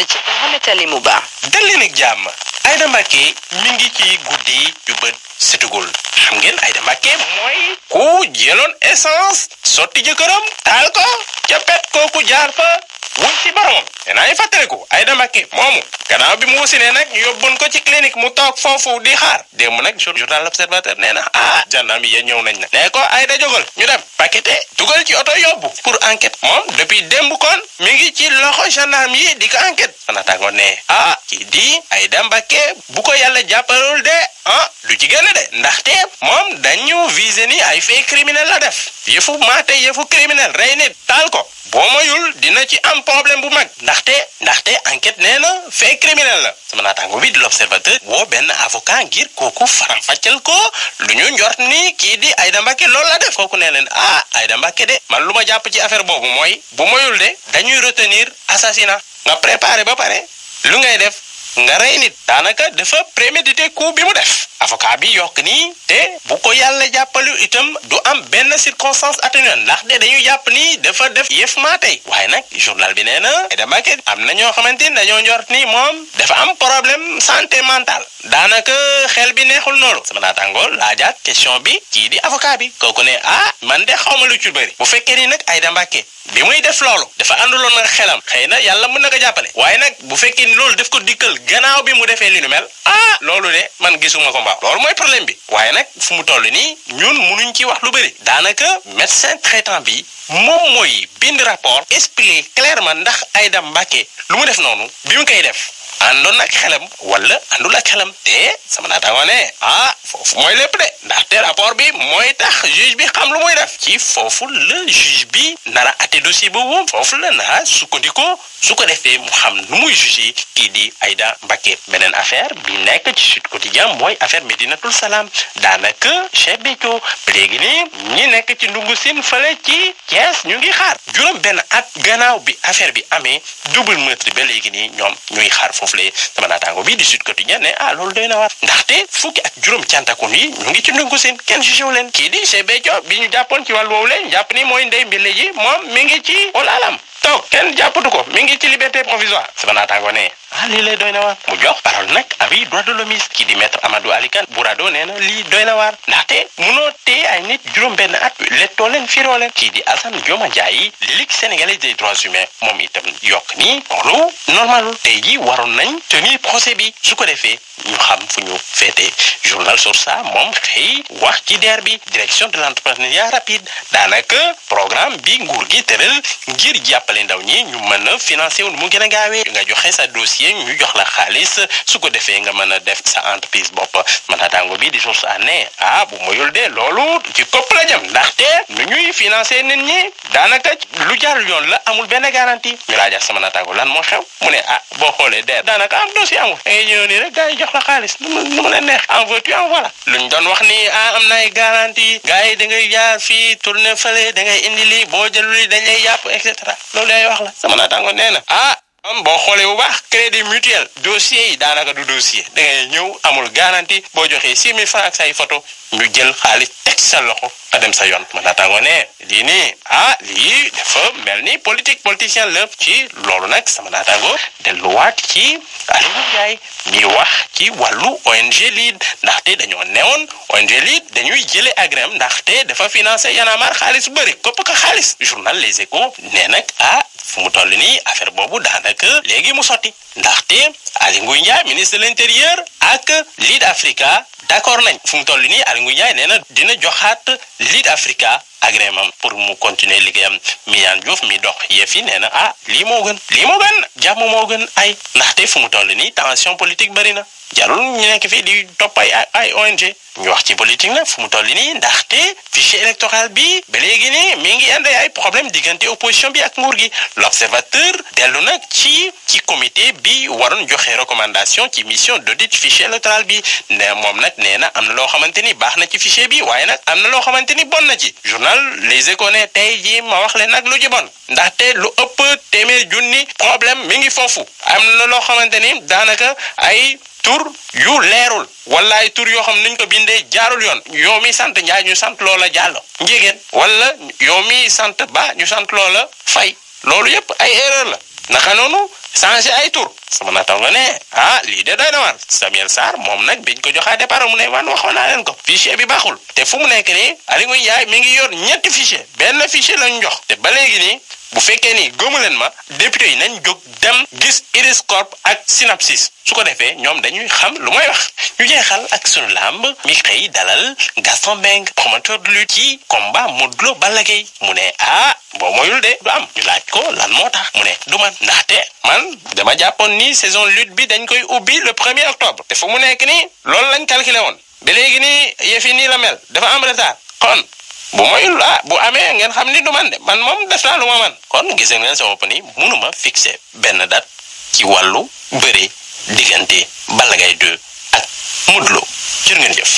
ànd ci Mouhamed Ali Mouba. dal leen ak jàmm Aïda mi ngi ci guddi yu bët setugul xam ngeen Aïda Mbacke mooy ku jëloon essence sotti jëkkëram taal ko ca kooku jaar fa wuy ci boroom danaa ñu fàttaliku Aïda Mbacké moomu gannaaw bi mu wasinee nag ñu yóbbuñ ko ci clinique mu toog foofu di xaar démb nag journal l'Observateur nee na ah gendarme yi ñëw nañ na nee ko Aïda jógal ñu dem paqueté dugal ci oto yóbbu pour enquête moom depuis démb kon mi ngi ci loxo gendarme yi di ko enquête fana tàngoon ne ah kii di Aïda Mbacké bu ko yàlla jàppalul de ah lu ci gën a de ndaxte moom dañu visé ni ay fait criminel la def yëfu maate yëfu criminel rey nit taal ko boo mayul dina ci am problème bu mag ndaxte ndaxte enquête nee na fait criminel la sama naataango bi di l'observateur woo benn avocat ngir kooku faram-fàcceel ko lu ñu njort ni kii di Aïda Mbacké loolu la def kooku nee leen ah Aïda Mbacké de man lu ma jàpp ci affaire boobu mooy bu mayul de dañuy retenir assassinat nga préparé ba pare lu ngay def nga rey nit daanaka dafa prémédité coup bi mu def avocat bi yokk nii te bu ko yàlla jàppalu itam du am benn circonstance atténuante ndax de dañu jàpp nii dafa def yëf maa tey waaye nag journal bi nee na Aïda Mbacke am na ñoo xamante ni dañoo njort ni moom dafa am problème santé mentale daanaka xel bi neexul noonu sama naataango laajaat question bi kii di avocat bi kooku ne ah man de xaw ma lu ci bëri bu fekkee ni nag Aïda Mbacke bi muy def loolu dafa ànduloon nag xelam xëy na yàlla mën na ko jàppale waaye nag bu fekkee n loolu daf ko dikkal gannaaw bi mu defee li mel ah loolu de man gisuma ko mbaaw loolu mooy problème bi mu toll nii ñun munuñ ci wax lu bëri daanaka médecin traitant bi moom mooy bind rapport expliquer clairement ndax ay dam Mbacké lu mu def noonu bi mu koy def àndoon ak xelam wala àndul ak xelam te sama naataango ne ah foofu mooy lépp de ndaxte rapport bi mooy tax juge bi xam lu muy def ci foofu la juge bi nara a atte dossier boobu foofu la nara sukkandikoo su ko defee mu xam lu muy juge kii di Aïda Mbacké beneen affaire bi nekk ci Sud Quotidien mooy affaire Médinatoul Salam daanaka bi Cheikh Béthio léegi nii ñi nekk ci ndungu siin fële ci Thiès ñu ngi xaar juróom benn at gannaaw bi affaire bi amee double meurtre ba léegi nii ñoom ñuy foofu la sama naataango bii di Sud Quotidien ne ah loolu doy na waar ndaxte fukki ak juróom cantakun yi ñu ngi ci ndungu kenn jugew leen kii di CBJ bi ci wàllu woowu leen jàpp ni mooy ndey mbile ji moom mi ngi ci ginnaaw kenn jàppatu ko mi ngi ci liberté provisoire sama naataango ne ah lii lay doy na waar mu jox parole nag avis droit de l'hommiste ki di maître Amadou Ali Kane Bourado nee na lii doy na waar ndaxte munoo téye ay nit juróom-benn at lettoo leen firoo leen kii di Assane Dioma Ndiaye Ligue sénégalaise des droits humains moom itam yokk nii loolu normalul te ji waroon nañ tenir procès bi su ko defee ñu xam fu ñu féete journal Source A moom xëy wax ci DER bi direction de l'entrepreneuriat rapide daanaka programme bi nguur gi tëral ngir jàppale ndaw ñi ñu mën a financé wu mu gën a gaawee nga joxe sa dossier ñu jox la xaalis su ko defee nga mën a def sa entreprise bopp manataango bi di Source A ne ah bu moyul dee loolu ci kopp la jëm ndaxte nu ñuy financé nit ñi daanaka lu jaar yoon la amul benn garanti ñu laajaat sama nataango lan moo xew mu ne ah boo xoolee DER daanaka jox la xaalis lu mu lu mu la neex en veux tu en voilà luñ doon wax ni ah am na ay garantie gars yi da ngay jaar fii tourné fële da ngay indi lii boo jëlul dañ lay yàpp et cetera loolu lay wax la sama naataango nee na ah am boo xoolee bu baax crédit mutuel dossier yi daanaka du dossier da ngay ñëw amul garantie boo joxe six mille francs say photo ñu jël xaalis teg sa loxo nga dem sa yoon. ma naataango ne lii ah lii dafa mel ni politique politicien la ci loolu nag sama naataango waat ci Aliou mi wax ci wàllu ONG LEAD ndaxte dañoo newoon ONG LEAD dañuy jëlee agréam ndaxte dafa financé yanamar xaalis bu bëri kopp ka xaalis journal Les Échos nee nag ah. fu mu toll nii affaire boobu daanaka léegi mu sotti ndaxte Aly Ngouille Ndiaye ministre de l'intérieur ak Lead Africa d'accord nañ fu mu toll nii Aly Ngouille Ndiaye nee na dina joxaat Lead Africa agrément pour mu continuer liggéeyam Mignane Diouf mi dox yëf yi nee na ah lii moo gën lii moo gën jàmm moo gën ay ndaxte fu mu toll nii tension politique bëri na jarul ñu nekk fii di topp ay ay ONG ñu wax ci politique na fu mu toll nii ndaxte fichier électoral bi ba léegi nii mi ngi ànd ay problème diggante opposition bi ak nguur gi l'observateur dellu nag ci ci comité bi waroon joxe recommandation ci mission d'audit fichier électoral bi ne moom nag nee na am na loo xamante ni baax na ci fichier bi waaye nag am na loo xamante ni bon na ci journal Les Échos ne tey jii ma wax leen nag lu ci bon ndaxte lu ëpp téeméer junni problème mi ngi foofu am na loo xamante ni daanaka ay tur yu leerul wala ay tur yoo xam nañ ko bindee jaarul yoon yoo mi sant Njaay ñu sant loola Jàllo njégéen walla yoo mi sant Ba ñu sant loola Fay loolu yépp ay erreur la naka noonu changé ay tur sama naataw nga ne ah lii de doy na waar Samuel Sarr moom nag biñ ko joxaa départ mu ne waan waxoon naa leen ko fichier bi baaxul te fu mu nekk nii Aliou yaay mi ngi yor ñetti fichier benn fichier lañ jox te ba léegi nii bu fekkee ni gëmu leen ma député yi nañ jóg dem gis Iris Corp ak Synapsis su ko defee ñoom dañuy xam lu may wax ñu jeexal ak sunu làmb mi xëy dalal Gaston Mbengue promoteur de lutte ci combat mu Lo Balla Gaye mu ne ah boo moyul de du am ñu laaj ko lan moo tax mu ne du man ndaxte man dama jàppoon ni saison lutte bi dañ koy ubbi le premier octobre te fu mu nekk ni loolu lañ calculé woon ba léegi nii yëf yi nii la mel dafa am retard kon bu moyul ah bu amee ngeen xam ni du man de man moom def naa lu man kon gisee ngeen sa bopp ni munuma fixé benn date ci wàllu bëre diggante Balla Gaye 2 ak Modou Lo jërë ngeen jëf.